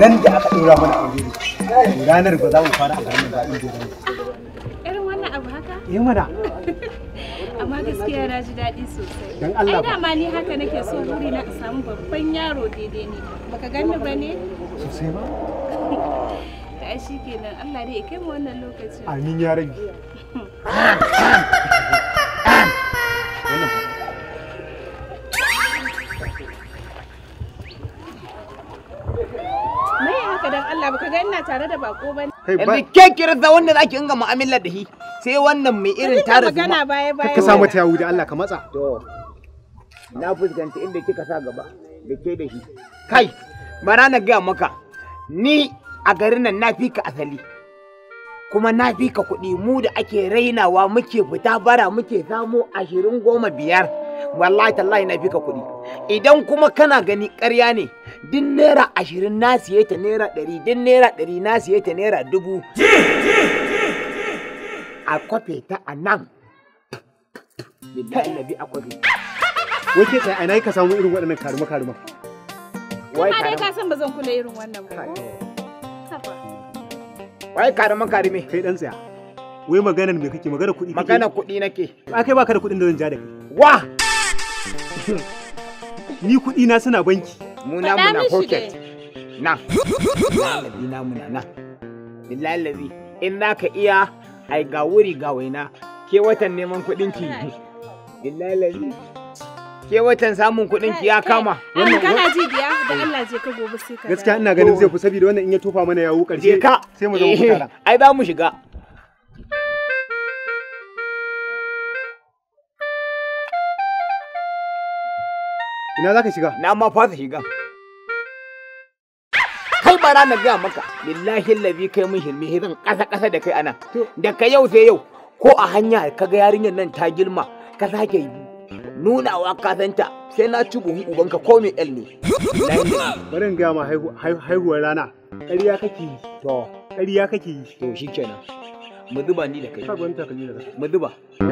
ran da aka ɗora mana aure ne ranar ba za mu fara a garin ba inda ran irin wannan abu haka eh mana amma gaskiya na ji daɗi sosai dan Allah ba ma ni haka nake so wuri na a samu babban yaro daidai ne baka ganni ba ne sosai ba ai shikenan Allah dai ya kai mu wannan lokacin amin ya rage dan Allah baka ga ina tare da bako bane yanzu ke kirza wanda zaki inga mu'amala da shi sai wannan mai irin tare da magana baya baya ka samu ta da Allah ka matsa to na fuskanci inda kika sa gaba da ke da shi kai bara na ga maka ni a garin nan na fi ka asali kuma na fi ka kuɗi mu da ake rainawa muke fita bara muke samo ashirin goma biyar wallahi tallahi na fika kuɗi idan kuma kana gani ƙarya ne duk naira ashirin na siye ta naira ɗari duk naira ɗari na siye ta naira dubu a kwafe ta a nan billahi nabi a kwafe wake tsaye a yi ka samu irin waɗannan karuma karuma wai karuma ka san ba zan kula irin wannan ba wai karuma karume kai dan tsaya wai maganar me kake maganar kuɗi kake maganar kuɗi nake ba kai baka da kuɗin da zan ja da kai wa ni kuɗi na suna banki mu na muna pocket na lalabi na muna na lalabi in naka iya ai ga wuri ga waina ke watan neman kuɗin ki lalabi ke watan samun kuɗin ki ya kama ah, wannan kana ji biya da Allah je ka gobe sai ka gaskiya ina ganin zai fi saboda wannan in ya tofa mana yawo karshe sai mu zama mutala. Eh, ai za mu shiga Ina za ka shiga? Na ma fasa shiga. Kalmara na gaya maka, lillahi labi kai mun hirmi zan ƙasa-ƙasa da kai anan. Da ka yau sai yau, ko a hanya ka ga yarinyar nan ta girma, ka sake nuna ka santa sai na ci buhun ubanka ko mai el ne. Bari in gaya ma haihuwar rana, ƙarya kake yi. To, ƙarya kake yi. To, shi kenan. Mu zuba ni da kai. Mu zuba.